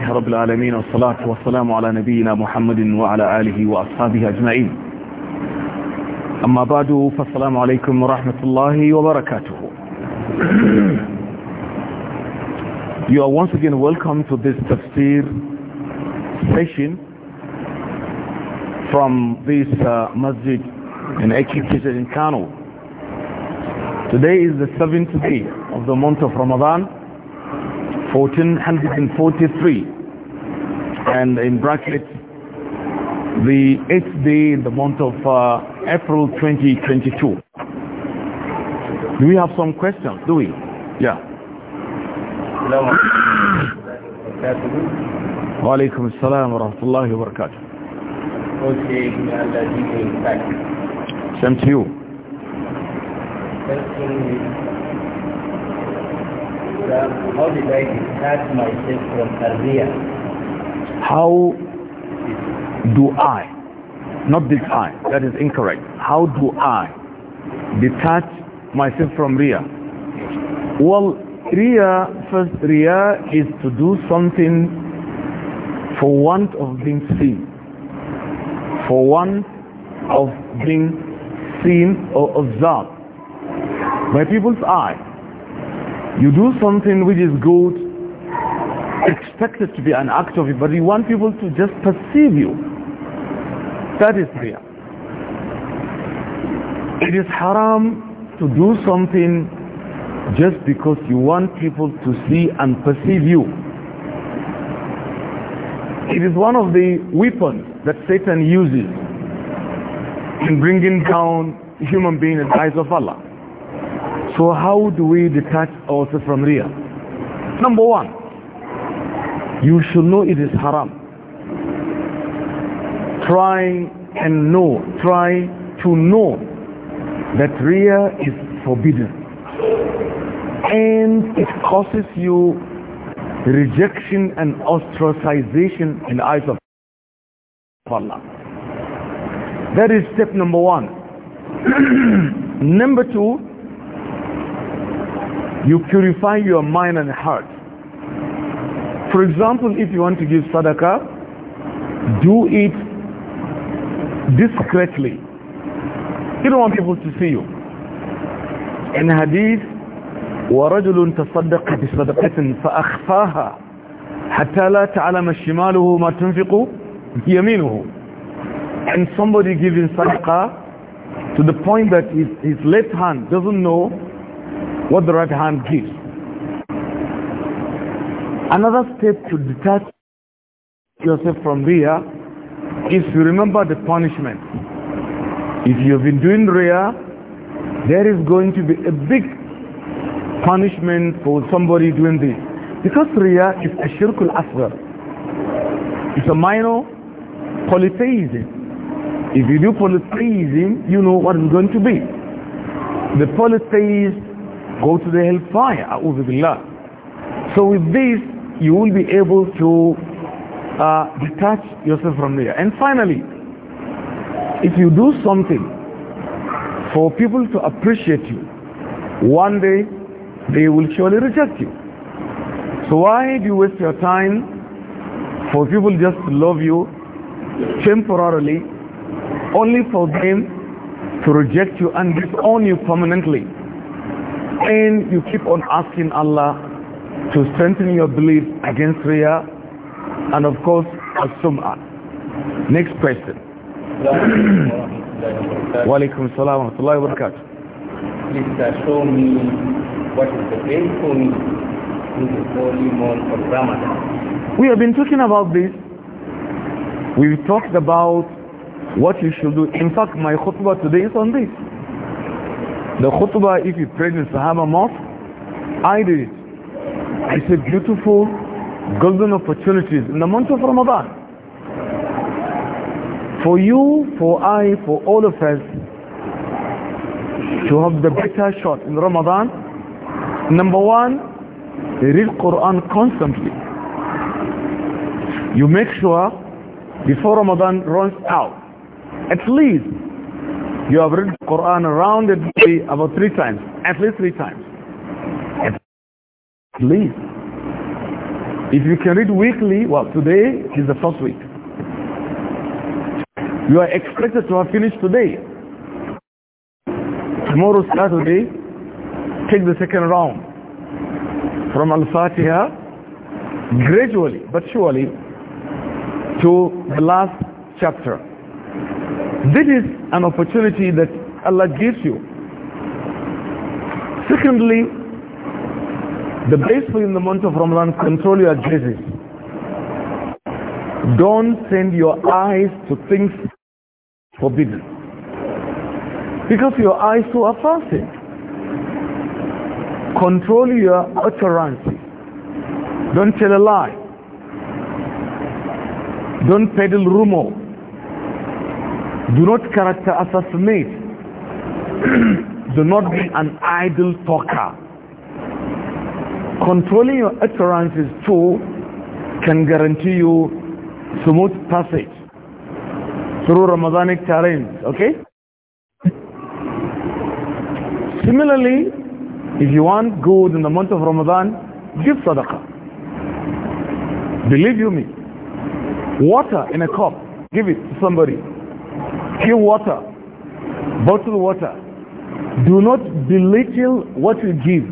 رب العالمين والصلاة والسلام على نبينا محمد وعلى آله وأصحابه أجمعين أما بعد فالسلام عليكم ورحمة الله وبركاته You are once again welcome to this tafsir session from this uh, masjid in Ekikisha in Kano. Today is the seventh day of the month of Ramadan 1443 and in brackets the eighth day in the month of uh, April 2022 do we have some questions do we yeah wa alaikum assalam wa rahmatullahi wa barakatuh same to you Islam, how did I detach myself from Tarbiya? How do I, not this I, that is incorrect. How do I detach myself from Ria? Well, Ria, first Riya is to do something for want of being seen. For want of being seen or observed by people's eye. You do something which is good, expect it to be an act of it, but you want people to just perceive you. That is prayer. It is haram to do something just because you want people to see and perceive you. It is one of the weapons that Satan uses in bringing down human beings in the eyes of Allah. So how do we detach ourselves from Ria? Number one, you should know it is haram. Try and know, try to know that Ria is forbidden. And it causes you rejection and ostracization in the eyes of Allah. That is step number one. number two, you purify your mind and heart. For example, if you want to give sadaqah, do it discreetly. You don't want people to see you. In hadith, ورجل تصدق بصدقة فأخفاها حتى لا تعلم شماله ما تنفق يمينه and somebody giving sadaqah to the point that his, his left hand doesn't know what the right hand gives. Another step to detach yourself from Riyah is to remember the punishment. If you've been doing Riyah, there is going to be a big punishment for somebody doing this. Because Riyah is a shirkul asghar. It's a minor polytheism. If you do polytheism, you know what it's going to be. The polytheist go to the hellfire so with this you will be able to uh, detach yourself from there and finally if you do something for people to appreciate you one day they will surely reject you so why do you waste your time for people just to love you temporarily only for them to reject you and disown you permanently And you keep on asking Allah to strengthen your belief against Riyah and of course as Next question. wa alaikum salam wa rahmatullahi wa barakatuh. Please uh, show me what is the pain for me in the holy month of Ramadan. We have been talking about this. We've talked about what you should do. In fact, my khutbah today is on this. The khutbah, if you pray in Sahaba Mosque, I did it. It's a beautiful golden opportunity in the month of Ramadan. For you, for I, for all of us, to have the better shot in Ramadan, number one, read Quran constantly. You make sure before Ramadan runs out, at least You have read Quran around it about three times, at least three times. At least. If you can read weekly, well, today is the first week. You are expected to have finished today. Tomorrow, Saturday, take the second round from Al-Fatiha gradually but surely to the last chapter this is an opportunity that Allah gives you. Secondly, the best way in the month of Ramadan, control your gazes. Don't send your eyes to things forbidden. Because your eyes too are fasting. Control your utterance. Don't tell a lie. Don't peddle rumor do not character assassinate do not be an idle talker controlling your utterances too can guarantee you smooth passage through Ramadanic challenge. okay similarly if you want good in the month of Ramadan give sadaqah believe you me water in a cup give it to somebody pure water, bottled water. Do not belittle what you give.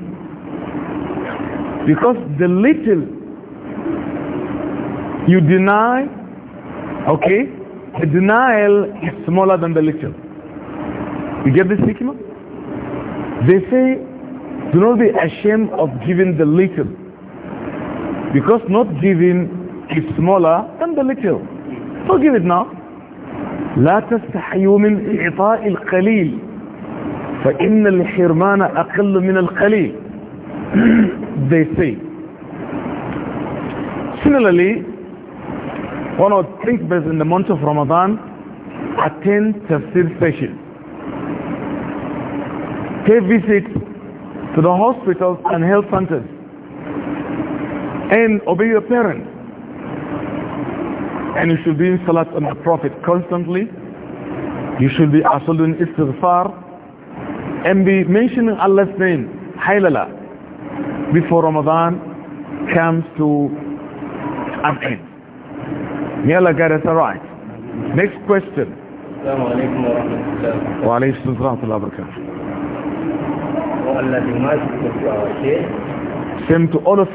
Because the little you deny, okay, the denial is smaller than the little. You get this hikmah? They say, do not be ashamed of giving the little. Because not giving is smaller than the little. So give it now. لا تستحيوا من إعطاء القليل فإن الحرمان أقل من القليل they say similarly one of the things in the month of Ramadan attend tafsir sessions pay visits to the hospitals and health centers and obey your parents and you should be in salat on the Prophet constantly. You should be asalun in istighfar and be mentioning Allah's name, Haylala, before Ramadan comes to an end. May Allah guide us right. Next question. Wa alaykum wa rahmatullahi Same to all of us.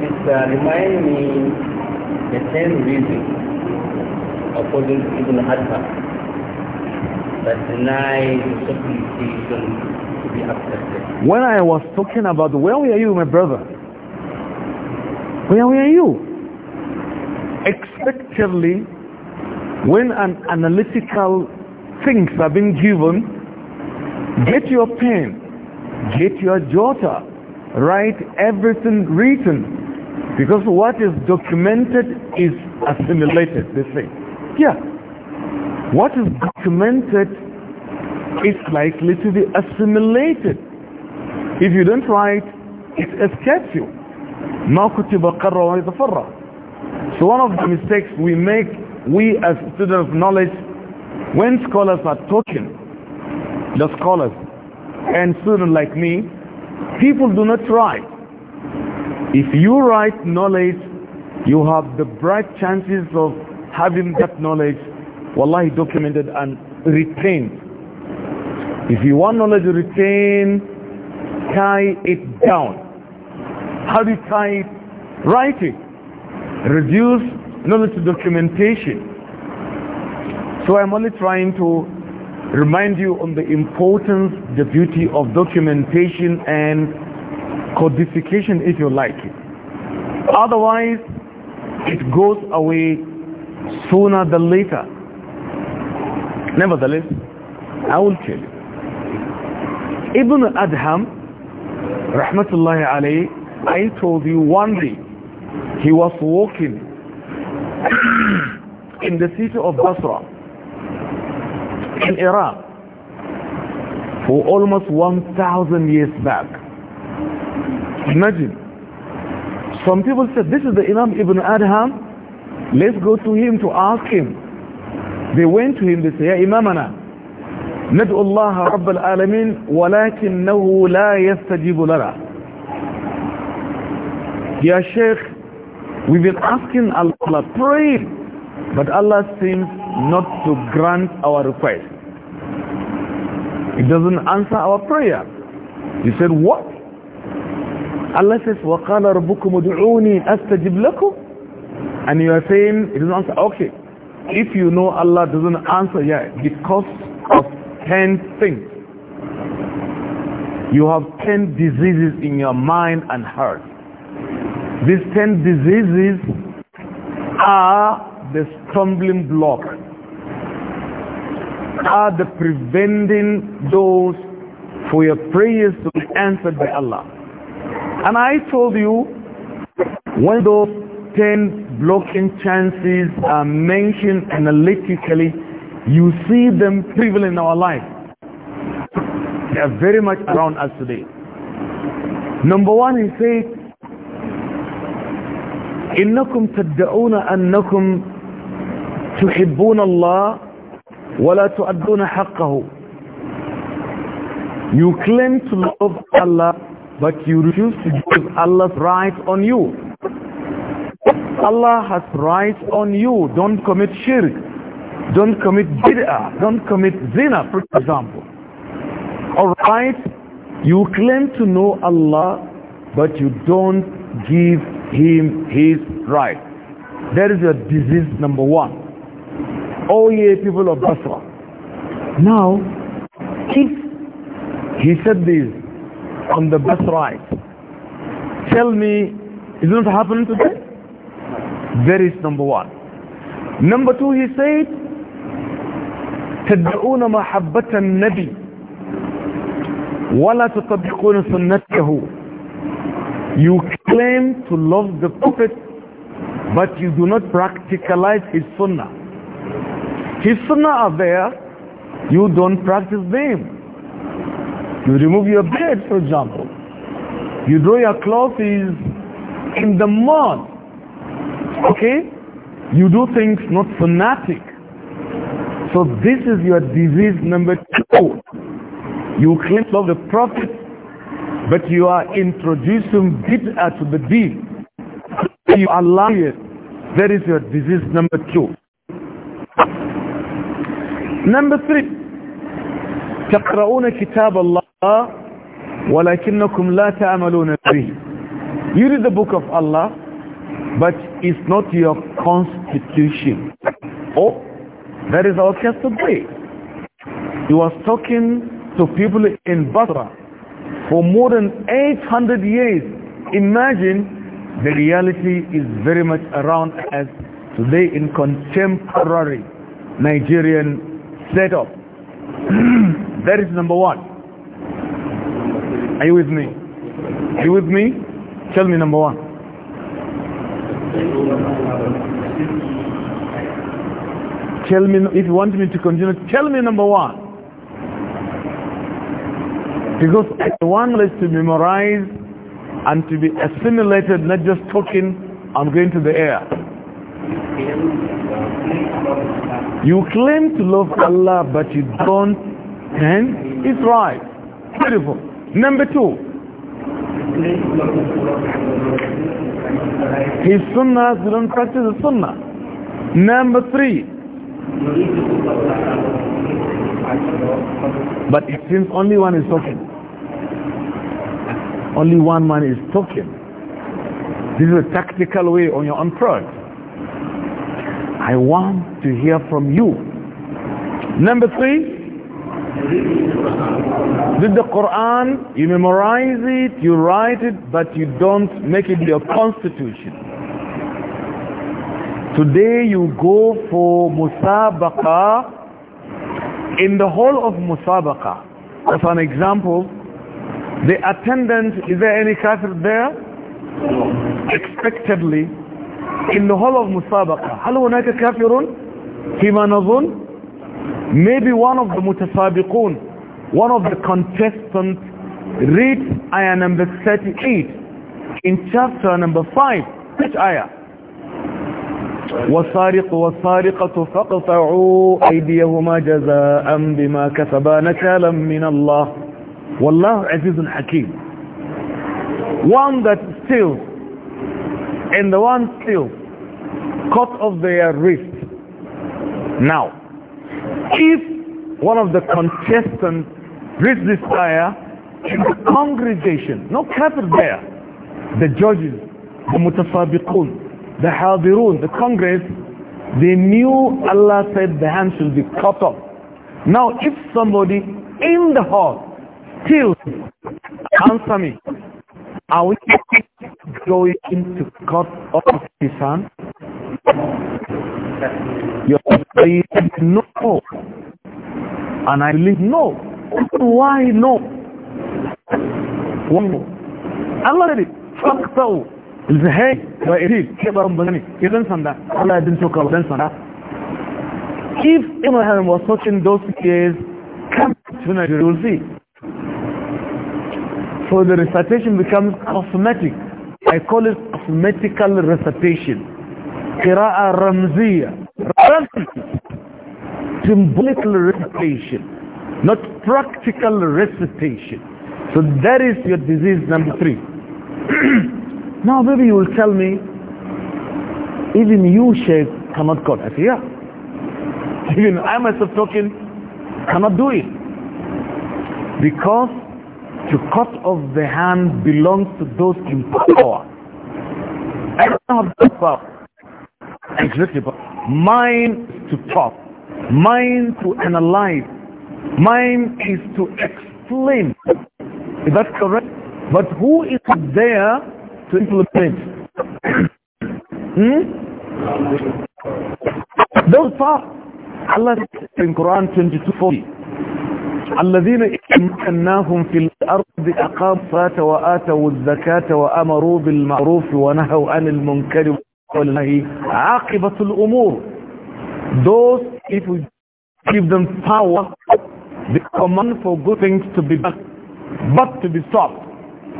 Mister, remind me the same reason according to Ibn Hajar that denies supplication to be accepted. When I was talking about where were you, my brother? Where were you? Expectedly, when an analytical things are being given, get your pen, get your jota, write everything written because what is documented is assimilated, they say. Yeah. What is documented is likely to be assimilated. If you don't write, it escapes you. ما كتب So one of the mistakes we make, we as students of knowledge, when scholars are talking, the scholars and students like me, people do not write. If you write knowledge, you have the bright chances of having that knowledge, wallahi, documented and retained. If you want knowledge retained, tie it down. How do you tie it? Write it. Reduce knowledge to documentation. So I'm only trying to remind you on the importance, the beauty of documentation and codification if you like it. Otherwise, it goes away sooner than later. Nevertheless, I will tell you. Ibn Adham, rahmatullahi alayhi, I told you one day, he was walking in the city of Basra, in Iraq, for almost 1,000 years back. Imagine. Some people said, this is the Imam Ibn Adham. Let's go to him to ask him. They went to him, they said, Ya Imamana, ندعو الله رب العالمين ولكنه لا يستجيب لنا. Ya Sheikh, we've been asking Allah, pray, but Allah seems not to grant our request. It doesn't answer our prayer. He said, what? Allah says, وَقَالَ رَبُّكُمُ دُعُونِي astajib lakum." And you are saying, it doesn't answer. Okay, if you know Allah doesn't answer, yeah, because of 10 things. You have 10 diseases in your mind and heart. These 10 diseases are the stumbling block, are the preventing doors for your prayers to be answered by Allah. And I told you, when those 10 blocking chances are mentioned analytically, you see them prevalent in our life. They are very much around us today. Number one, he says, إنكم تدعون أنكم تحبون الله ولا تؤدون حقه. You claim to love Allah but you refuse to give Allah's right on you. Allah has rights on you. Don't commit shirk. Don't commit bid'ah. Don't commit zina, for example. Alright? You claim to know Allah, but you don't give Him His right. That is your disease number one. Oh ye people of Basra. Now, if he said this on the bus ride. Tell me, is it not happening today? There is number one. Number two, he said, تدعون محبة النبي ولا تطبقون سنته You claim to love the Prophet but you do not practicalize his sunnah. His sunnah are there, you don't practice them. You remove your bed, for example. You draw your clothes in the mud. Okay? You do things not fanatic. So this is your disease number two. You claim love the Prophet, but you are introducing bid'ah to the deen. You are lying. That is your disease number two. Number three, تقرؤون كتاب الله وَلَكِنَّكُمْ لَا تَعْمَلُونَ بِهِ You read the book of Allah, but it's not your constitution. Oh, that is our case today. He was talking to people in Basra for more than 800 years. Imagine the reality is very much around us today in contemporary Nigerian setup. that is number one. Are you with me? Are you with me? Tell me number one. Tell me, if you want me to continue, tell me number one. Because I want us to memorize and to be assimilated, not just talking, I'm going to the air. You claim to love Allah, but you don't, and it's right. Beautiful. Number two, his sunnah is not practice the sunnah. Number three, but it seems only one is talking. Only one man is talking. This is a tactical way on your own part. I want to hear from you. Number three, did the Quran, you memorize it, you write it, but you don't make it your constitution. Today you go for musabaka. In the whole of musabaka, as an example, the attendance, is there any kafir there? Expectedly, in the whole of Musabaka. هل هناك كافر؟ في ما Maybe one of the mutasabiqun, one of the contestants read ayah number 38 in chapter number 5. Which ayah? والسارق والسارقة فاقطعوا أيديهما جزاء بما كسبا نكالا من الله والله عزيز حكيم one that steals and the one steals cut off their wrist now If one of the contestants reads this ayah in the congregation, no kafir there, the judges, the mutasabiqun, the hadirun, the congress, they knew Allah said the hand should be cut off. Now if somebody in the hall still answer me, are we going to cut off his hand? You prayer no. And I believe no. Why no? Why no? Allah said it. فاقطعوا الزهاي وإريد كبر بني إذن Allah didn't talk about سندا If Abraham was touching those years, come to Nigeria, you will see. So the recitation becomes cosmetic. I call it cosmetical recitation. Qira'a Ramziya. Ramzi. Symbolical recitation, not practical recitation. So that is your disease number three. now maybe you will tell me, even you, shaykh cannot God. I say, yeah. Even I myself talking, cannot do it. Because to cut off the hand belongs to those in power. I don't have that power. but mind to talk mind to analyze mind is to explain is that correct but who is there to implement hmm? those talk. Allah in Quran 2240 الذين امكناهم في الارض اقاموا الصلاه واتوا الزكاه وامروا بالمعروف ونهوا عن المنكر aqibatul umur. Those, if we give them power, the command for good things to be done, but to be stopped.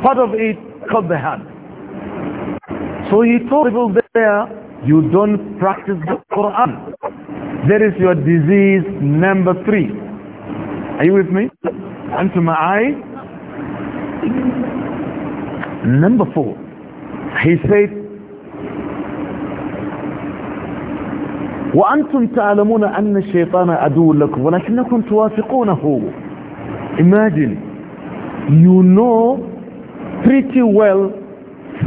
Part of it, cut the hand. So he told people there, you don't practice the Quran. There is your disease number three. Are you with me? to my eye. Number four, he said, وأنتم تعلمون أن الشيطان عدو لكم ولكنكم توافقونه imagine you know pretty well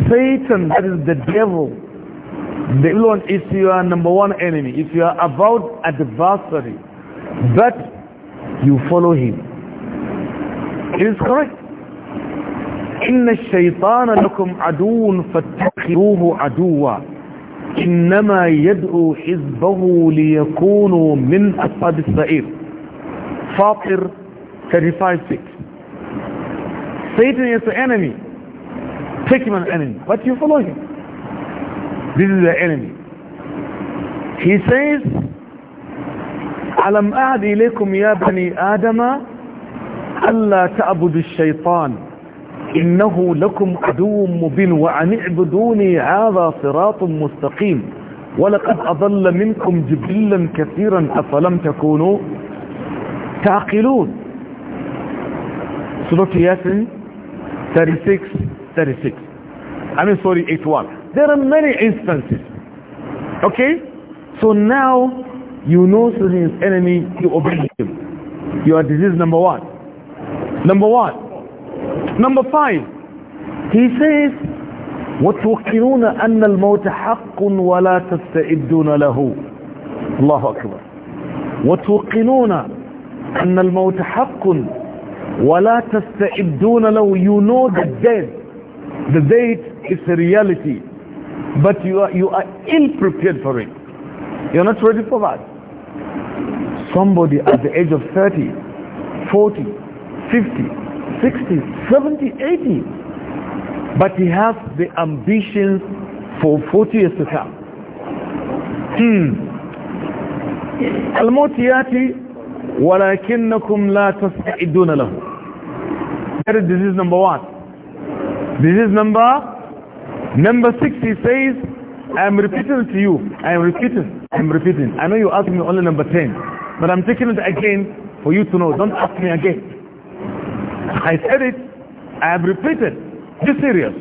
Satan that is the devil the evil one is your number one enemy if you are about adversary but you follow him it is correct إن الشيطان لكم عدو فاتخذوه عدوا إنما يدعو حزبه ليكونوا من أصحاب السعير Fatir 35-6 Satan is the enemy take him an enemy but you follow him this is the enemy he says alam أعد إليكم يا بني آدم ألا تعبدوا الشيطان إنه لكم عدو مبين وأن اعبدوني هذا صراط مستقيم ولقد أضل منكم جبلا كثيرا أفلم تكونوا تعقلون سورة Yasin 36, 36. I mean, sorry, 81. There are many instances. Okay? So now, you know Satan's enemy, you obey him. You are disease number one. Number one, Number five, he says, وَتُوقِنُونَ أَنَّ الْمَوْتَ حَقٌ وَلَا تَسْتَئِدُّونَ لَهُ الله أكبر وَتُوقِنُونَ أَنَّ الْمَوْتَ حَقٌ وَلَا تَسْتَئِدُّونَ لَهُ You know the death, the date is a reality, but you are, you are ill prepared for it. You're not ready for that. Somebody at the age of 30, 40, 50, 60, 70, 80. But he has the ambitions for 40 years to come. Hmm. الموت ياتي ولكنكم لا تستعدون له that is disease number one disease number number six he says I am repeating to you I am repeating I am repeating I know you asked me only number ten but I'm taking it again for you to know don't ask me again I said it, I have repeated. Be serious.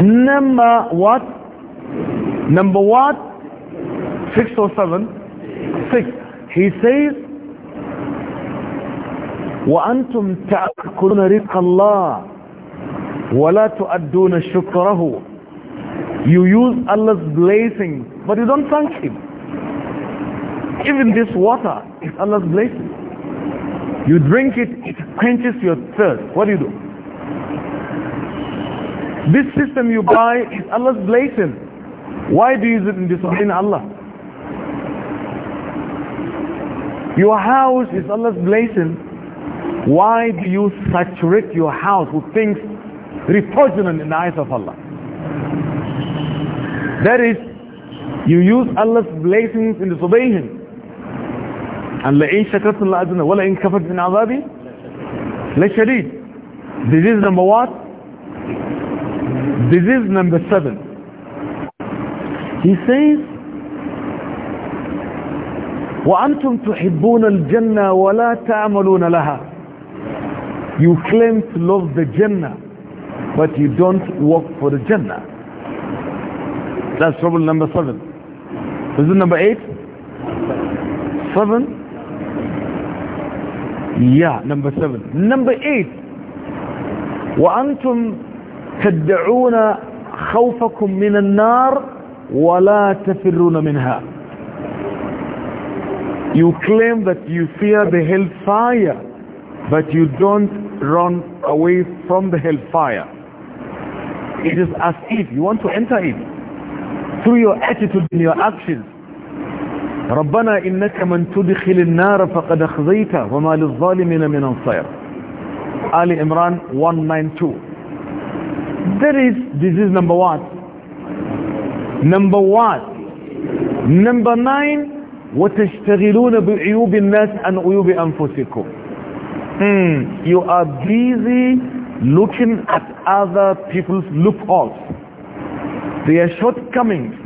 Number what? Number what? Six or seven? Six. He says, وأنتم تأكلون رزق الله ولا تؤدون شكره You use Allah's blessing but you don't thank Him. Even this water is Allah's blessing. You drink it, it quenches your thirst. What do you do? This system you buy is Allah's blessing. Why do you use it in disobeying Allah? Your house is Allah's blessing. Why do you saturate your house with things repugnant in the eyes of Allah? That is, you use Allah's blessings in disobeying Him and لَإِنْ شَكَرْتُمْ لَأَزْنَا وَلَإِنْ كَفَرْتْ مِنْ عَذَابِي لَشَدِيد This is number what? This is number seven. He says, وأنتم تحبون الجنة ولا تعملون لها You claim to love the Jannah but you don't work for the Jannah That's trouble number seven Is it number eight? Seven Yeah, number seven. Number eight. وأنتم تدعون خوفكم من النار ولا تفرون منها. You claim that you fear the hellfire, but you don't run away from the hellfire. It is as if you want to enter it through your attitude and your actions. ربنا إنك من تدخل النار فقد أخزيته وما للظالمين من أنصير آل إمران 192 That is disease number one. Number one. Number nine. وتشتغلون بعيوب الناس عن عيوب أنفسكم. Mm, you are busy looking at other people's loopholes. Their shortcomings.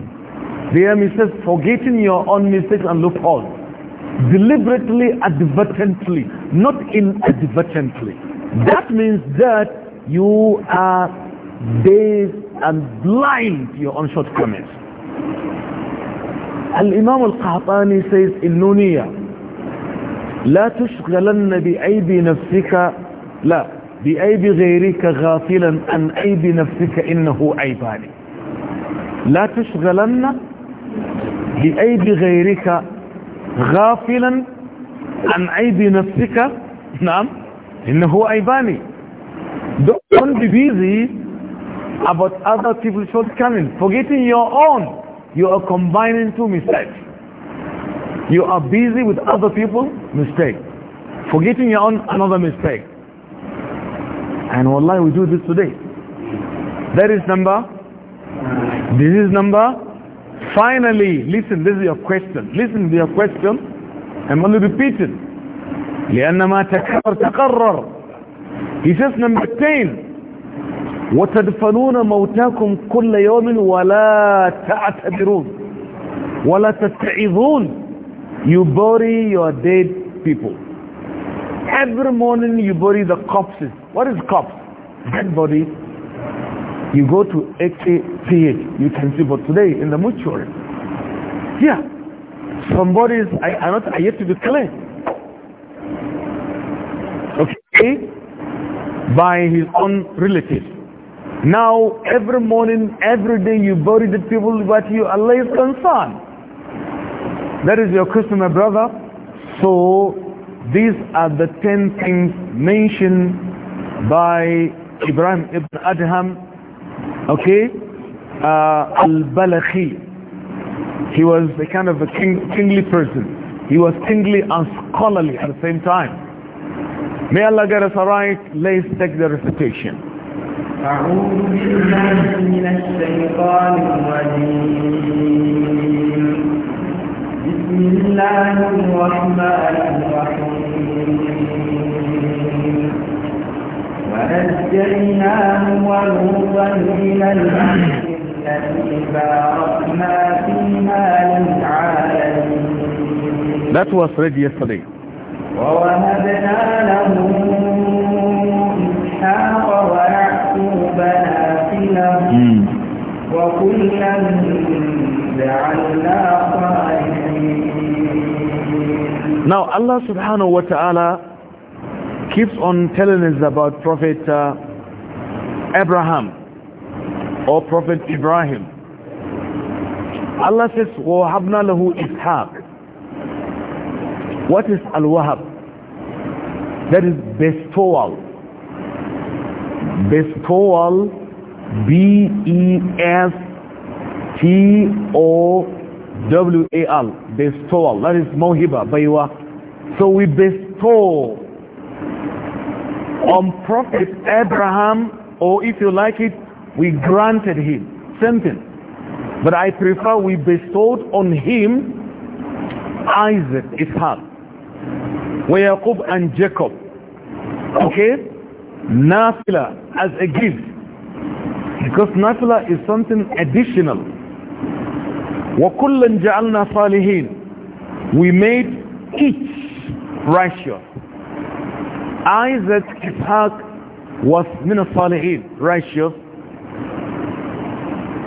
their mistakes, forgetting your own mistakes and loopholes. Deliberately, advertently, not inadvertently. That means that you are dazed and blind to your own shortcomings. الإمام القحطاني says in النونية لا تشغلن بأيب نفسك لا بأيب غيرك غافلا عن أيب نفسك إنه عيباني لا تشغلن لعيب غيرك غافلا عن عيب نفسك نعم إنه عيباني don't be busy about other people's shortcomings forgetting your own you are combining two mistakes you are busy with other people' mistake forgetting your own another mistake and wallahi we do this today that is number this is number Finally, listen, this is your question. Listen to your question. I'm going to repeat it. لأن تكرر تقرر. He says number 10. وتدفنون موتاكم كل يوم ولا تعتبرون ولا تتعظون. You bury your dead people. Every morning you bury the corpses. What is corpse? Dead body. You go to XAPH, you can see, but today in the mortuary, here, some bodies I, are not are yet to be declare. Okay? By his own relatives. Now, every morning, every day you bury the people but you Allah is concerned. That is your Christian, my brother. So, these are the ten things mentioned by Ibrahim ibn Adham okay uh, al-balakhi he was a kind of a king, kingly person he was kingly and scholarly at the same time may Allah get us right let's take the recitation That was read yesterday. Hmm. Now Allah subhanahu wa ta'ala keeps on telling us about Prophet uh, Abraham or Prophet Ibrahim. Allah says, وَوَهَبْنَا لَهُ إِسْحَاقِ What is al-wahab? That is bestowal. Bestowal, B-E-S-T-O-W-A-L. Bestowal. That is mohiba, baywa. So we bestow on Prophet Abraham, or if you like it, we granted him. Same thing. But I prefer we bestowed on him Isaac, his Ishaq, Jacob and Jacob. Okay? Nafila as a gift. Because nafila is something additional. جَعَلْنَا صَالِحِينَ We made each righteous. Isaac, Ishaq was min al righteous.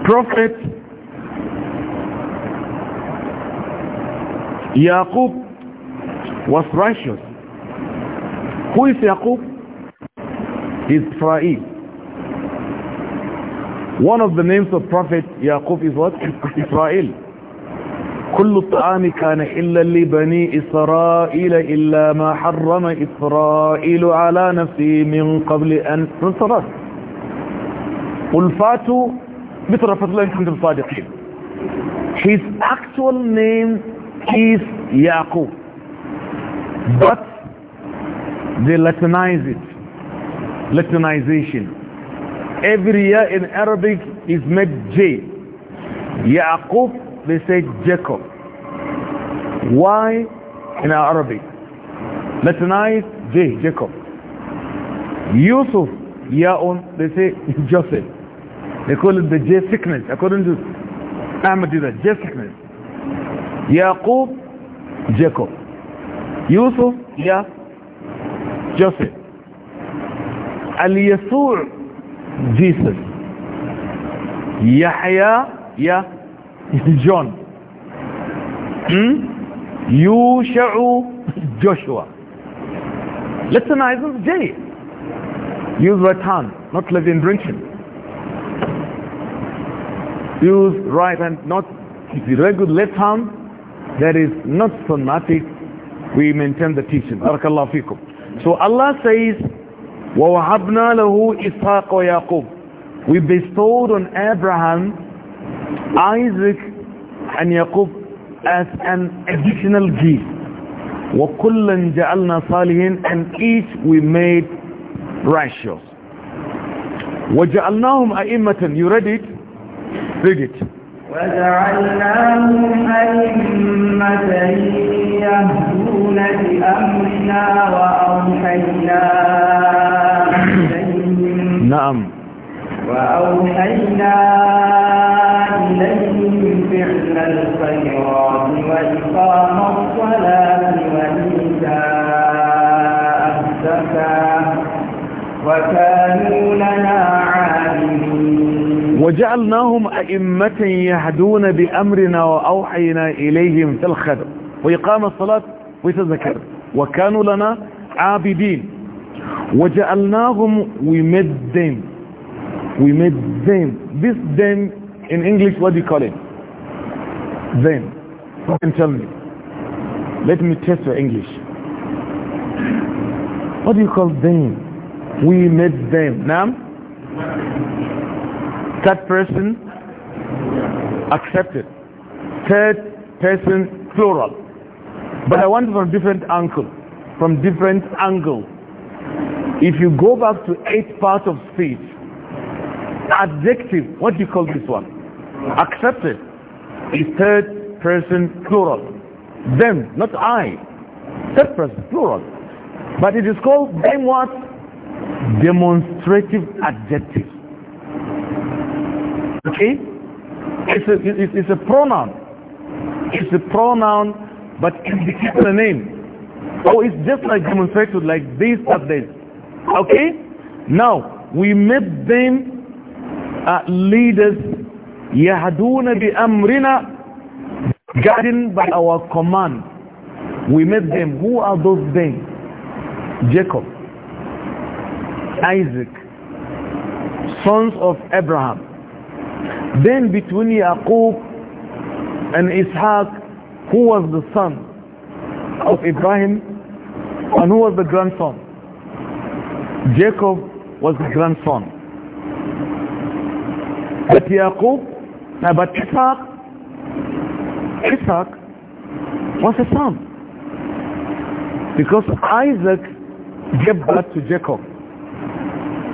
prophet Yaqub was righteous. Who is Yaqub? Israel. One of the names of prophet Yaqub is what? Israel. كل الطعام كان حلا لبني إسرائيل إلا ما حرم إسرائيل على نفسه من قبل أن نصرت قل فاتوا مثل Rasulullah Muhammad al-Sadiqin. His actual name is Yaqub. But they Latinize it. Latinization. Every year in Arabic is made J. Yaqub, they say Jacob. Why in Arabic? Latinize J, Jacob. Yusuf, Yaun, they say Joseph. They call it the J sickness, according to Ahmad Judah, J sickness. Yaqub, Jacob. Yusuf, yeah, Joseph. Al-Yasur, Jesus. Yahya, yeah, John. Hmm? Yusha'u, Joshua. Listen, I isn't J. Use right hand, not left in drinking. use right hand, not the regular left hand, that is not sunnatic, we maintain the teaching. Barakallahu fikum. So Allah says, وَوَهَبْنَا لَهُ إِسْحَاقَ وَيَعْقُوبَ We bestowed on Abraham, Isaac, and Yaqub as an additional gift. وَكُلًّا جَعَلْنَا صَالِحِينَ And each we made righteous. وَجَعَلْنَاهُمْ أَئِمَّةً You read it? Read وجعلناهم أئمة يهدون بأمرنا وأوحينا إليهم نعم وأوحينا إليهم فعل الخيرات وإقام الصلاة وإيتاء الزكاة وكانوا لنا وجعلناهم أئمة يهدون بأمرنا وأوحينا إليهم في الخير وإقام الصلاة ويتذكر وكانوا لنا عابدين وجعلناهم we made them we made them this them in English what do you call it them you can tell me let me test your English what do you call them we made them نعم Third person, accepted. Third person, plural. But I want from different angle. From different angle. If you go back to eight part of speech, adjective, what do you call this one? Accepted is third person plural. Them, not I. Third person plural. But it is called them what? Demonstrative adjective. Okay? It's a, it's, it's a pronoun. It's a pronoun, but it's a name. So it's just like demonstrated like this that this. Okay? Now, we made them uh, leaders يَهَدُونَ بِأَمْرِنَا guided by our command. We made them. Who are those them? Jacob, Isaac, sons of Abraham. Then between Yaqub and Ishaq, who was the son of Ibrahim and who was the grandson? Jacob was the grandson. But Yaqub, uh, but Ishaq, Ishaq was a son. Because Isaac gave birth to Jacob.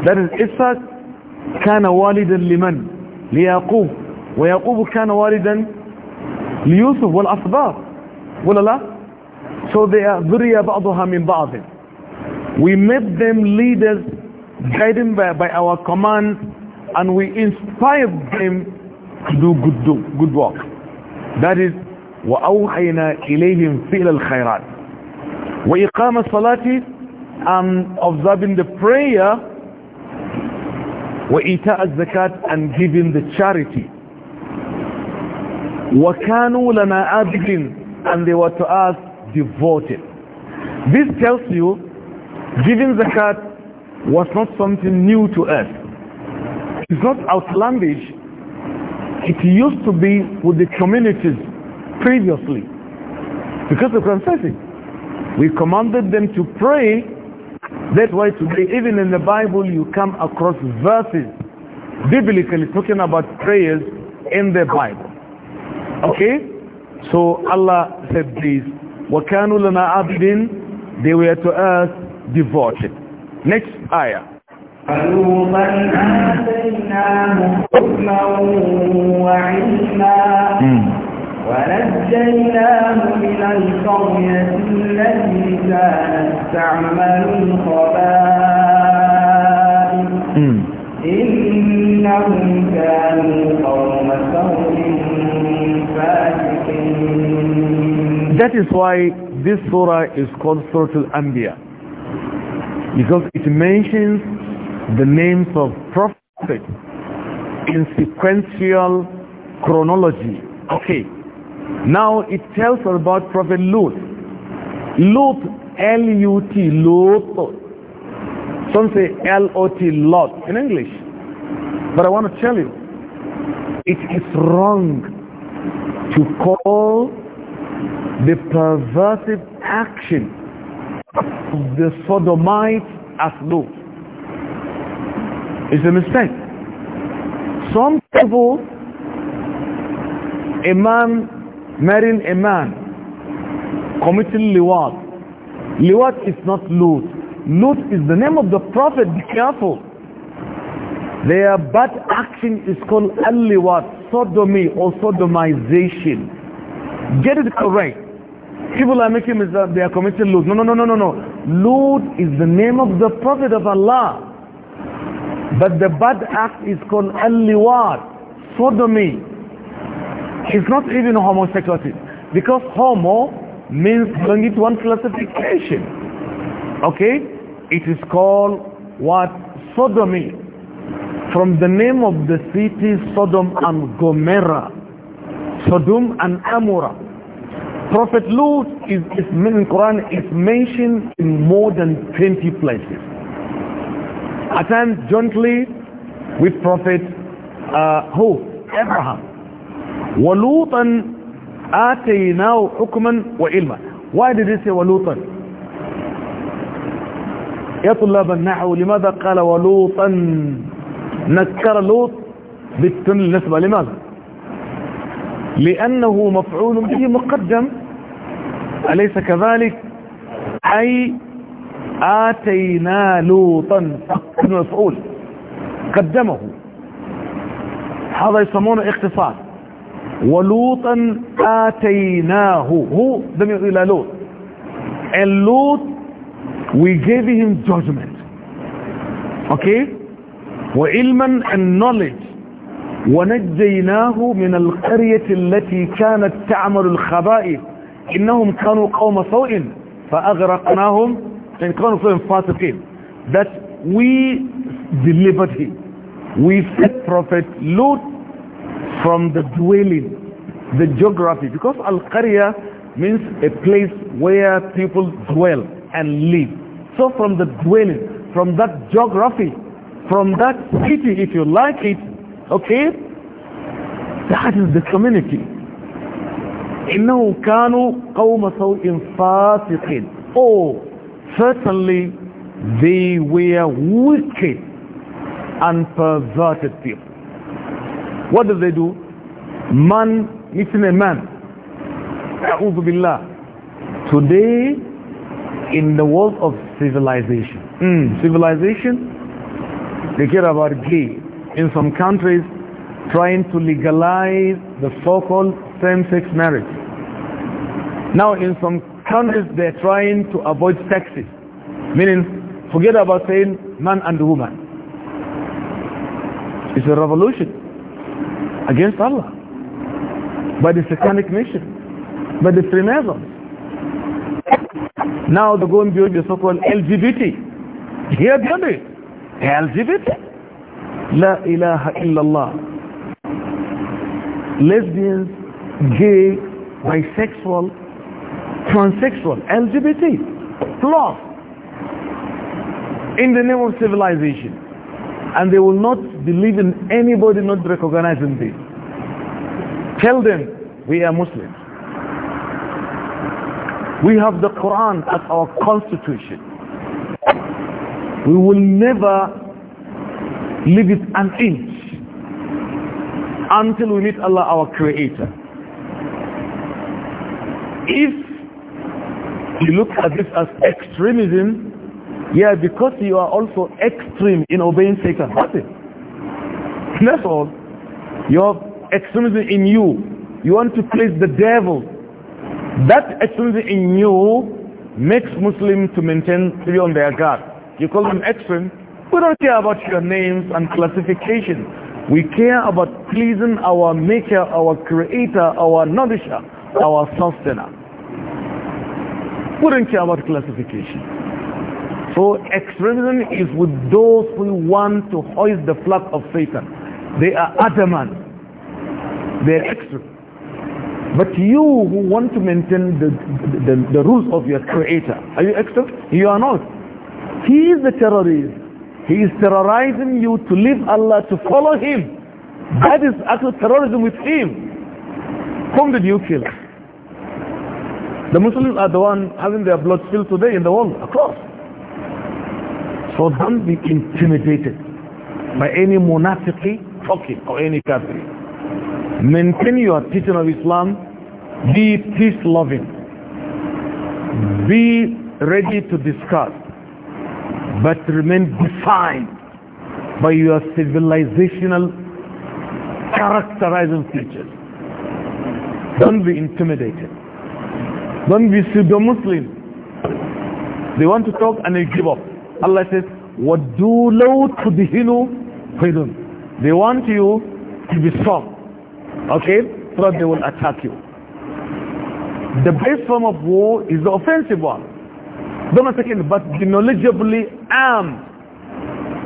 That is Ishaq كان والدا لمن ليعقوب ويعقوب كان والدا ليوسف والأصباط ولا لا so they are ذريا بعضها من بعض we made them leaders guided by, by our commands and we inspired them to do good, do, good work that is وأوحينا إليهم فعل الخيرات وإقام الصلاة and observing the prayer wa ita zakat and giving the charity wa kanu lana abidin and they were to us devoted this tells you giving zakat was not something new to us it's not outlandish it used to be with the communities previously because of confessing we commanded them to pray That's why today, even in the Bible, you come across verses biblically talking about prayers in the Bible. Okay? So Allah said this, وَكَانُوا لَنَا عَبْدٍ They were to us devoted. Next ayah. قلوبا آتيناه حكما وعلما hmm. ونجيناه من القرية التي كانت تعمل الخبائث إنهم كانوا قوم سوء That is why this surah is called Surah Al-Anbiya because it mentions the names of prophets in sequential chronology. Okay, now it tells us about Prophet Lut. Lut, L-U-T, Lut. Some say L-O-T, Lot in English. But I want to tell you, it is wrong to call the perversive action of the sodomite as Lut. It's a mistake. Some people, a man marrying a man, committing liwat. Liwat is not loot. Loot is the name of the prophet. Be careful. Their bad action is called al-liwat, sodomy or sodomization. Get it correct. People are making that They are committing loot. No, no, no, no, no, no. Loot is the name of the prophet of Allah. But the bad act is called al-liwat, sodomy. It's not even homosexuality. Because homo means only one classification. Okay? It is called what? Sodomy. From the name of the city Sodom and Gomorrah. Sodom and Amorah. Prophet Lut is, is in Quran is mentioned in more than 20 places. At times jointly with Prophet uh, who? Abraham ولوطا آتيناه حكما وعلما why did he say ولوطا يا طلاب النحو لماذا قال ولوطا نكر لوط بالتن النسبة لماذا لأنه مفعول به مقدم أليس كذلك أي آتينا لوطا مفعول قدمه هذا يسمونه اقتصاد ولوطا آتيناه هو ضمير إلى لوط and Lot we gave him judgment okay وعلما and knowledge ونجيناه من القرية التي كانت تعمل الخبائث إنهم كانوا قوم سوء فأغرقناهم إن يعني كانوا قوم فاسقين that we delivered him we set prophet Lot from the dwelling, the geography. Because Al-Qariya means a place where people dwell and live. So from the dwelling, from that geography, from that city, if you like it, okay, that is the community. إنهم كانوا قوم سوء فاسقين Oh, certainly they were wicked and perverted people. What do they do? Man meeting a man. A'udhu billah. Today, in the world of civilization, mm, civilization, they care about gay. In some countries, trying to legalize the so-called same-sex marriage. Now, in some countries, they're trying to avoid sexes, meaning forget about saying man and woman. It's a revolution against Allah by the satanic mission, by the Freemasons. Now they're going beyond the so-called LGBT. Here beyond it, LGBT. La ilaha illallah. Lesbians, gay, bisexual, transsexual, LGBT, plus, in the name of civilization and they will not believe in anybody not recognizing this. Tell them, we are Muslims. We have the Quran as our constitution. We will never leave it an inch until we meet Allah our creator. If you look at this as extremism, yeah, because you are also extreme in obeying Satan. What's it. That's all. You have extremism in you. You want to please the devil. That extremism in you makes Muslims to maintain to be on their guard. You call them extreme. We don't care about your names and classification. We care about pleasing our maker, our creator, our nourisher, our sustainer. We don't care about classification. So extremism is with those who want to hoist the flag of Satan. They are adamant. They are extreme. But you who want to maintain the, the, the, rules of your creator, are you extreme? You are not. He is the terrorist. He is terrorizing you to leave Allah, to follow him. That is actual terrorism with him. Whom did you kill? The Muslims are the one having their blood spilled today in the world, across. So don't be intimidated by any monastic talking or any country. Maintain your teaching of Islam. Be peace-loving. Be ready to discuss, but remain defined by your civilizational characterizing features. Don't be intimidated. Don't be pseudo-Muslim. They want to talk and they give up. Allah says, What do low to the They want you to be strong. Okay? So they will attack you. The best form of war is the offensive one. Don't take but be knowledgeably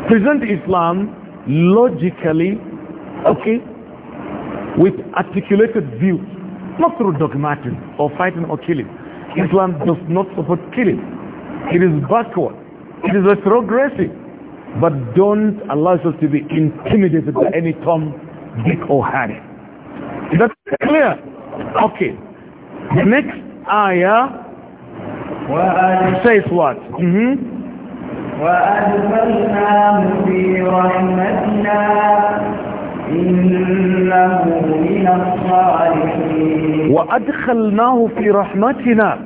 Present Islam logically, okay, with articulated views, not through dogmatism or fighting or killing. Islam does not support killing. It is backward. It is a retrogressive. But don't allow yourself to be intimidated by any Tom, Dick or Harry. Is that clear? Okay. The next ayah says what? Mm -hmm. وأدخلناه في رحمتنا إنه من الصالحين وأدخلناه في رحمتنا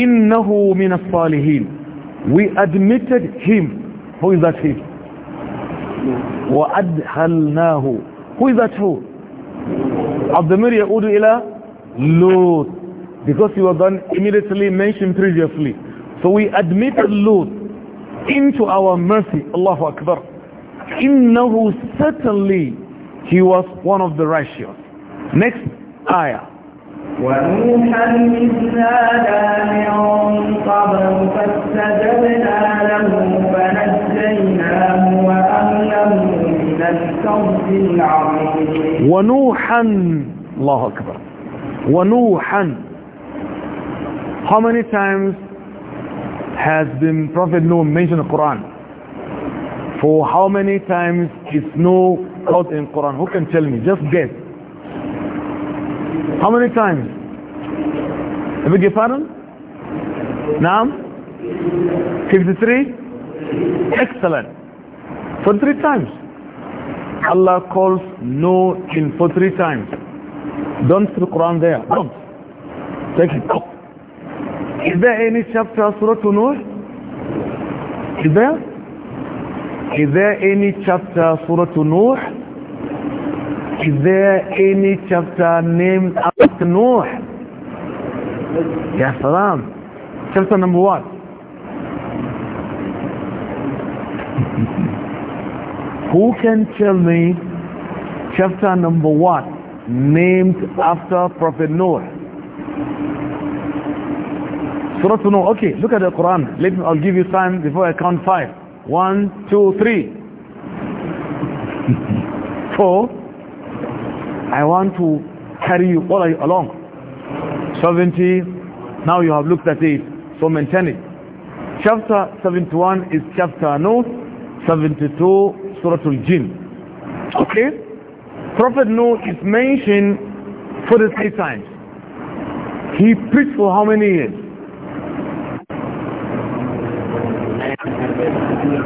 إنه من الصالحين we admitted him who is that him وأدخلناه who is that who الضمير يعود إلى لوط because he was done immediately mentioned previously so we admitted Lut into our mercy Allahu Akbar إنه certainly he was one of the righteous next ayah ونوحا إذ نادى من قبل فاستجبنا له فنجيناه وأهله من الكرب العظيم ونوحا الله أكبر ونوحا How many times has been Prophet Noah mentioned in the Quran? For how many times is Noah called in Quran? Who can tell me? Just guess. How many times? I beg your pardon? Now? 53? Excellent. 43 times. Allah calls no in for 43 times. Don't put the Quran there. Don't. Take it out. Is there any chapter Surah Noor? Is there? Is there any chapter Surah Noor? Is there any chapter named after Noah? Ya salam. Chapter number what? Who can tell me chapter number what named after Prophet Noah? Surah to Noah. Okay, look at the Quran. Let me, I'll give you time before I count five. One, two, three. Four. I want to carry you all along. Seventy. now you have looked at it, so maintain it. Chapter 71 is chapter Nuh, 72 Surah Al-Jinn. Okay? Prophet Nuh is mentioned 43 times. He preached for how many years?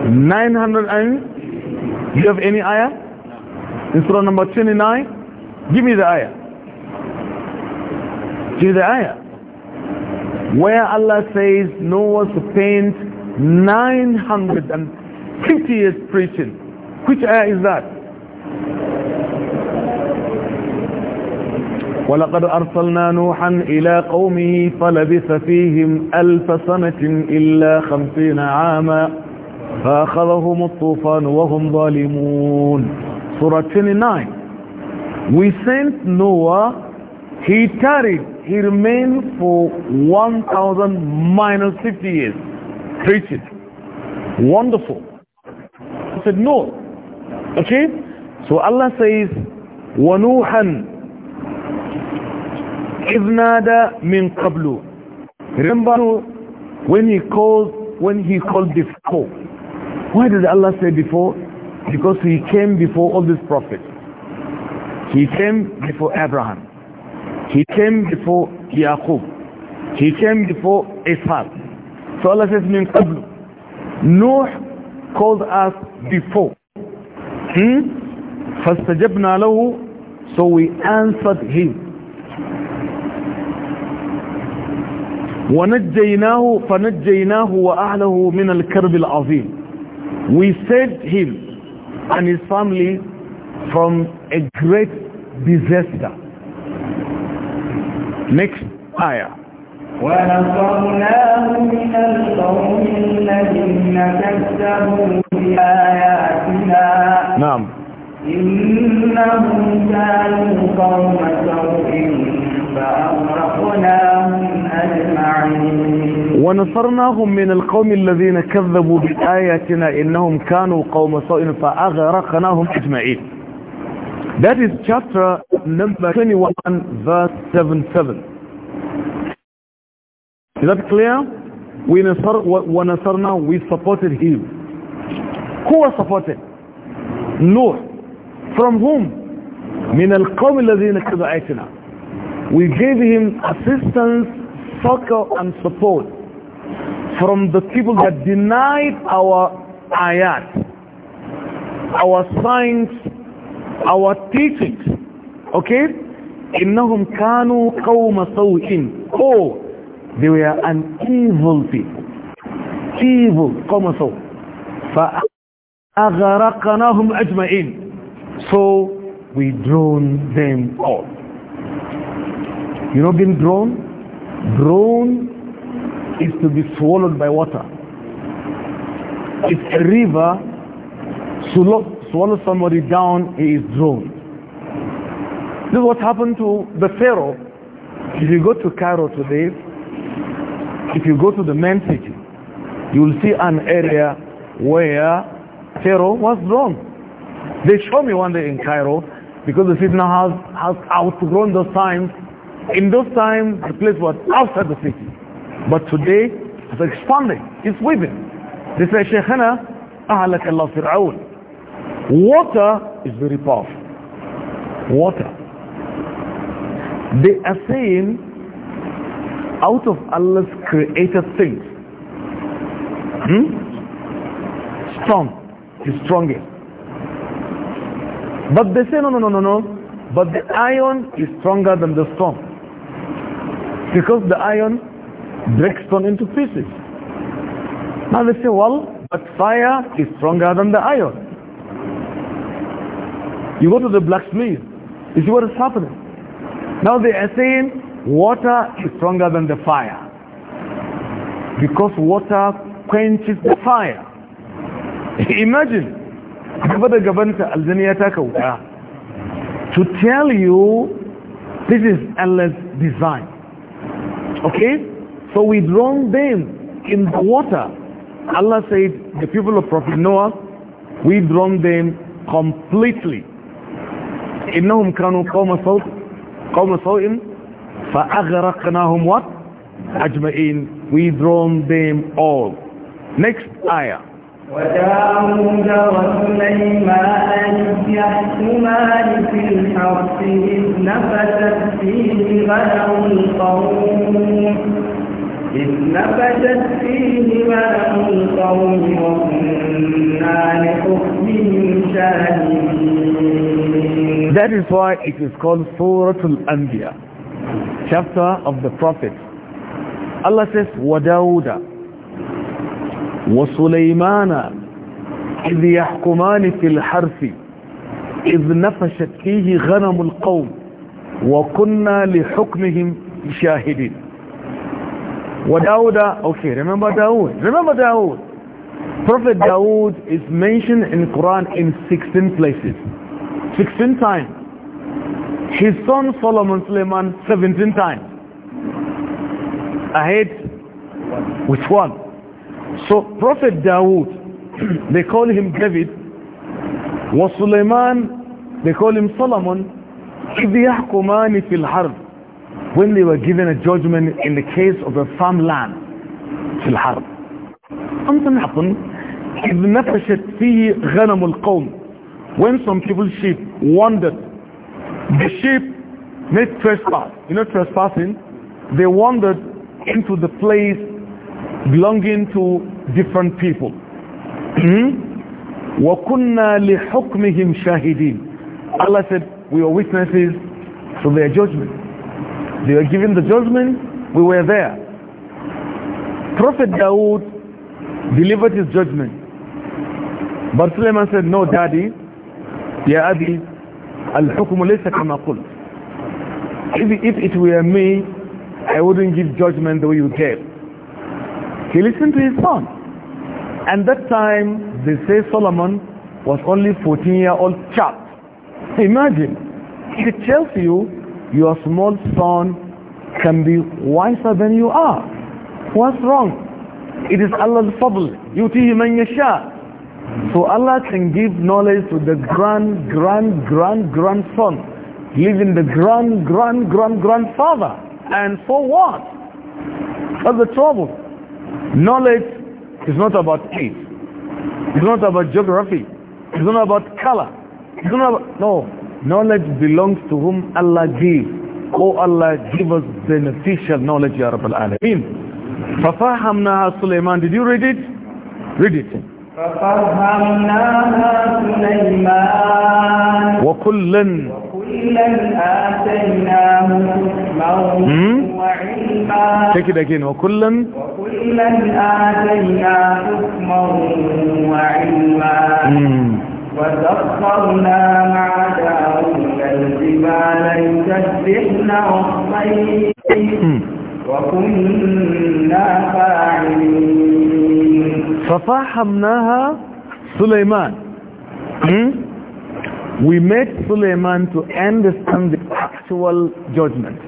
900 and... Do you have any ayah? In Surah number 29? Give me the ayah. Give the ayah. Where Allah says Noah spent 950 years preaching. Which ayah is that? ولقد أرسلنا نوحا إلى قومه فلبث فيهم ألف سنة إلا خمسين عاما فأخذهم الطوفان وهم ظالمون سورة 29 We sent Noah, he tarried, he remained for 1,000 minus 50 years, preaching. Wonderful. I said, no. Okay? So Allah says, وَنُوحًا إِذْ نَادَى مِنْ قَبْلُ Remember when he called, when he called before. Why did Allah say before? Because he came before all these prophets. He came before Abraham. He came before Yaqub. He came before Ishaq. So Allah says, Min qablu. Nuh called us before. Hmm? فَاسْتَجَبْنَا لَهُ So we answered him. ونجيناه فنجيناه وأهله من الكرب العظيم We saved him and his family from a great disaster. Next ayah. ونصرناه من القوم الذين كذبوا بآياتنا نعم إنهم كانوا قوم سوء فأغرقناهم أجمعين ونصرناهم من القوم الذين كذبوا بآياتنا إنهم كانوا قوم سوء فأغرقناهم أجمعين That is chapter number 21, verse 77. Is that clear? We Nasarna, we supported him. Who was supported? No. From whom? من القوم الذين We gave him assistance, succor and support from the people that denied our ayat, our signs our teachings okay innahum kanu qawma sawin oh they were an evil people evil qawma saw fa aghraqnahum ajma'in so we drowned them all you know being drowned drowned is to be swallowed by water it's a river swallows somebody down, he is drowned. This is what happened to the Pharaoh. If you go to Cairo today, if you go to the main city, you will see an area where Pharaoh was drawn. They showed me one day in Cairo because the city now has, has outgrown those times. In those times, the place was outside the city. But today, it's expanding. It's within. They say, Sheikhana, أهلك الله فرعون Water is very powerful. Water. They are saying out of Allah's created things, hmm? strong is stronger. But they say no, no, no, no, no. But the iron is stronger than the stone. Because the iron breaks stone into pieces. Now they say, well, but fire is stronger than the iron. You go to the blacksmith, you see what is happening. Now they are saying water is stronger than the fire because water quenches the fire. Imagine, To tell you, this is Allah's design. Okay? So we drown them in the water. Allah said, the people of Prophet Noah, we drown them completely إنهم كانوا قوم صوت قوم صوت فأغرقناهم what? أجمعين we drowned them all next ayah آية وداود وسليمان يحكمان في الحرث إذ نفست فيه غنم القوم إذ نفست فيه غنم القوم وكنا لحكمهم شاهدين That is why it is called Suratul Anbiya, chapter of the Prophet. Allah says, وَدَاوُدَ وَسُلَيْمَانَ إِذْ يَحْكُمَانِ فِي الْحَرْفِ إِذْ نَفَشَتْ فِيهِ غَنَمُ الْقَوْمِ وَكُنَّا لِحُكْمِهِمْ شَاهِدِينَ Wadawuda, okay, remember Dawood. Remember Dawood. Prophet Dawood is mentioned in Quran in 16 places. 16 times. His son Solomon Suleiman 17 times. Ahead with one. So Prophet Dawood, they call him David. Was Suleiman, they call him Solomon. when they were given a judgment in the case of a farmland في something happened إذ نفشت فيه غنم القوم when some people's sheep wandered, the sheep made trespass. You know trespassing? They wandered into the place belonging to different people. Hmm? وَكُنَّا لِحُكْمِهِمْ شَاهِدِينَ Allah said, we were witnesses to their judgment. They were given the judgment, we were there. Prophet Dawood delivered his judgment. But Suleiman said, no daddy, يا أبي الحكم ليس كما قلت if, if it were me I wouldn't give judgment the way you gave he listened to his son and that time they say Solomon was only 14 year old chap imagine it tells you your small son can be wiser than you are what's wrong it is Allah's fadl يُتِيهِ مَنْ يَشَاءُ so Allah can give knowledge to the grand, grand, grand, grandson, leaving the grand, grand, grand, grandfather. And for what? That's the trouble. Knowledge is not about age. It's not about geography. It's not about color. It's not about, no. Knowledge belongs to whom Allah gives. Oh Allah, give us beneficial knowledge, Ya Rabbil Alameen. فَفَهَمْنَهَا Sulaiman. Did you read it? Read it. ففهمناها سليمان hmm? وكلا وكلا آتيناه حكما وعلما تكد أجين hmm. وكلا وكلا آتينا حكما وعلما وسخرنا مع داود الجبال يسبحن والطير hmm. وكنا فاعلين فَفَحَمْنَاهَا سُلَيْمَانَ. Hmm? We made Suleiman to understand the actual judgment.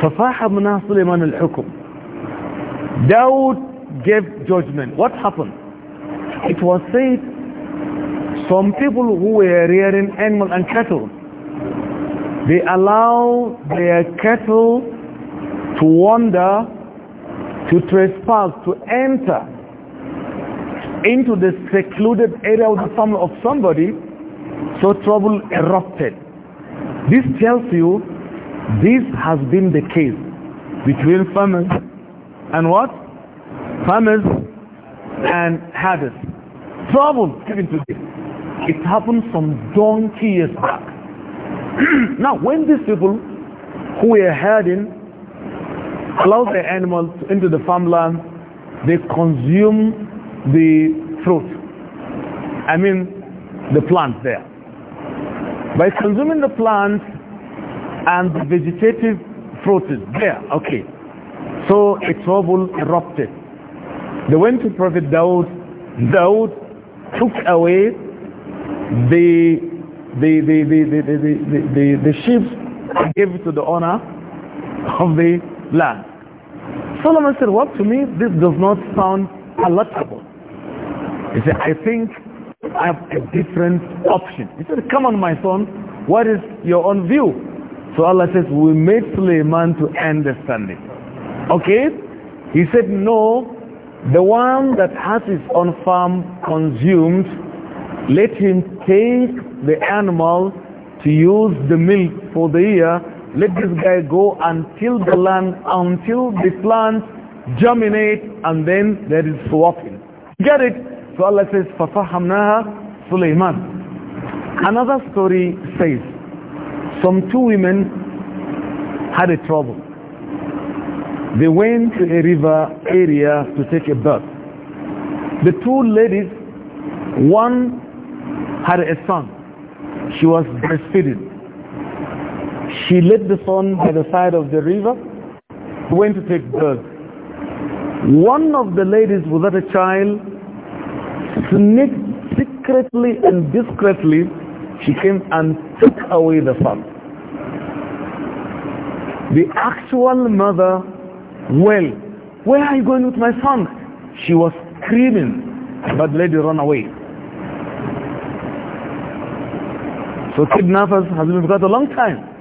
فَفَهَمْنَا سُلَيْمَانَ الْحُكُمْ Dawood gave judgment. What happened? It was said some people who were rearing animals and cattle, they allow their cattle to wander to trespass, to enter into the secluded area of the family of somebody, so trouble erupted. This tells you this has been the case between farmers and what? Farmers and herders. Trouble came to this. It happened some donkey years back. now when these people who were herding allow the animals into the farmland, they consume the fruit. I mean, the plant there. By consuming the plant and the vegetative fruit is there, okay. So a trouble erupted. They went to Prophet Daud. Daud took away the the the the the the, the, the, the sheep and gave it to the owner of the land. Solomon said, what to me, this does not sound palatable. He said, I think I have a different option. He said, come on, my son, what is your own view? So Allah says, we made Suleiman to understand it. Okay? He said, no, the one that has his own farm consumed, let him take the animal to use the milk for the year let this guy go and till the land until the plants germinate and then there is swapping. Get it? So Allah says, فَفَحَمْنَاهَا Sulaiman." Another story says, some two women had a trouble. They went to a river area to take a bath. The two ladies, one had a son. She was breastfeeding she left the son by the side of the river, went to take birth. One of the ladies without a child sneaked secretly and discreetly. She came and took away the son. The actual mother, well, where are you going with my son? She was screaming, but lady ran away. So kidnappers have been forgotten a long time.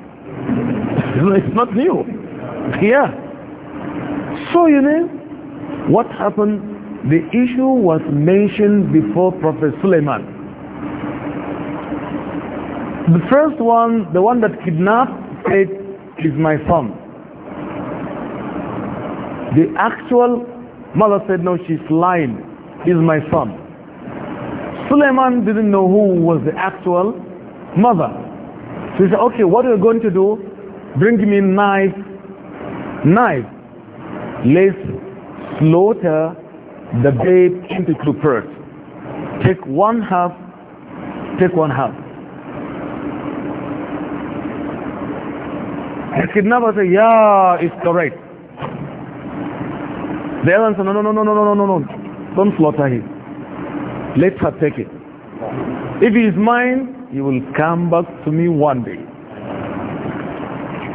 It's not new. Yeah. So, you know, what happened? The issue was mentioned before Prophet Suleiman. The first one, the one that kidnapped, said, is my son. The actual mother said, no, she's lying. Is my son. Suleiman didn't know who was the actual mother. So he said, okay, what are you going to do? bring me knife knife let's slaughter the babe into two parts take one half take one half The kidnapper say, yeah, it's correct. The other one said, no, no, no, no, no, no, no, no, don't slaughter him. Let her take it. If he is mine, he will come back to me one day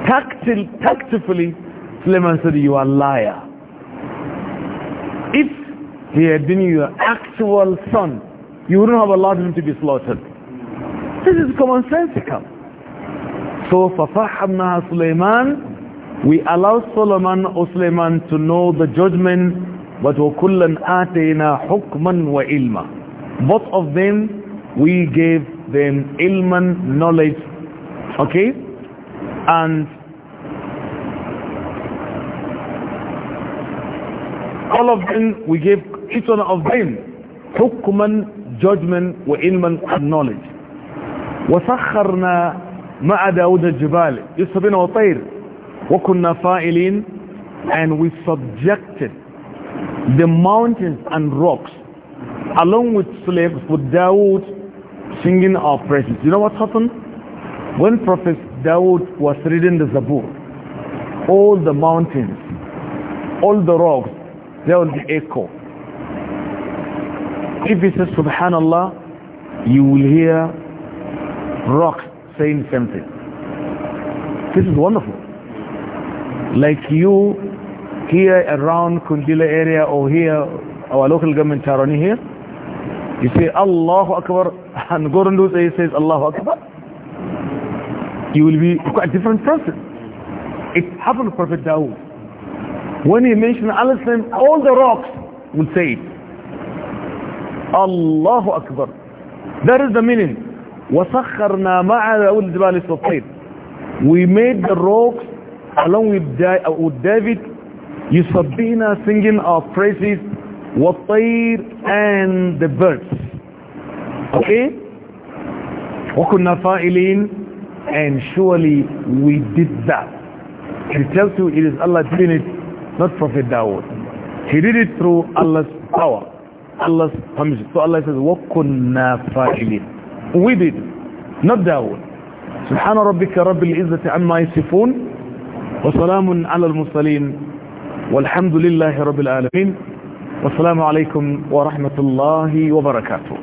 tactil, tactfully, Suleiman said, you are liar. If he had been your actual son, you wouldn't have allowed him to be slaughtered. This is commonsensical. So, فَفَحَمْنَا سُلَيْمَانَ We allow Solomon or Suleiman to know the judgment, but وَكُلًّا آتَيْنَا حُكْمًا وَإِلْمًا Both of them, we gave them ilman knowledge. Okay? and all of them we gave each one of them حكما judgment وعلما and knowledge وسخرنا مع داود الجبال يسبين وطير وكنا فائلين and we subjected the mountains and rocks along with slaves with Dawood singing our praises. You know what happened? When Prophet Dawood was reading the Zabur, all the mountains, all the rocks, there will echo. If he says Subhanallah, you will hear rocks saying something. This is wonderful. Like you here around Kundila area or here, our local government tarani here, you say Allahu Akbar and Gorundu says Allahu Akbar. You will be a different person. It happened to Prophet Dawood. When he mentioned Allah's name, all the rocks will say it. Allahu Akbar. That is the meaning. وَسَخَّرْنَا مَعَ دَاوُدْ الْجِبَالِ صَفِّيرٍ We made the rocks along with David يُصَبِّينَا singing our praises وَالطَّيْرِ and the birds. Okay? وَكُنَّا فَائِلِينَ and surely we did that. He tells you it is Allah doing it, not Prophet Dawood. He did it through Allah's power, Allah's permission. So Allah says, وَكُنَّا فَاعِلِينَ We did, not Dawood. سبحان ربك رب العزة عما يصفون وسلام على المرسلين والحمد لله رب العالمين والسلام عليكم ورحمة الله وبركاته